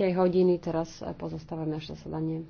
tej hodiny teraz pozostávame naše zasadanie.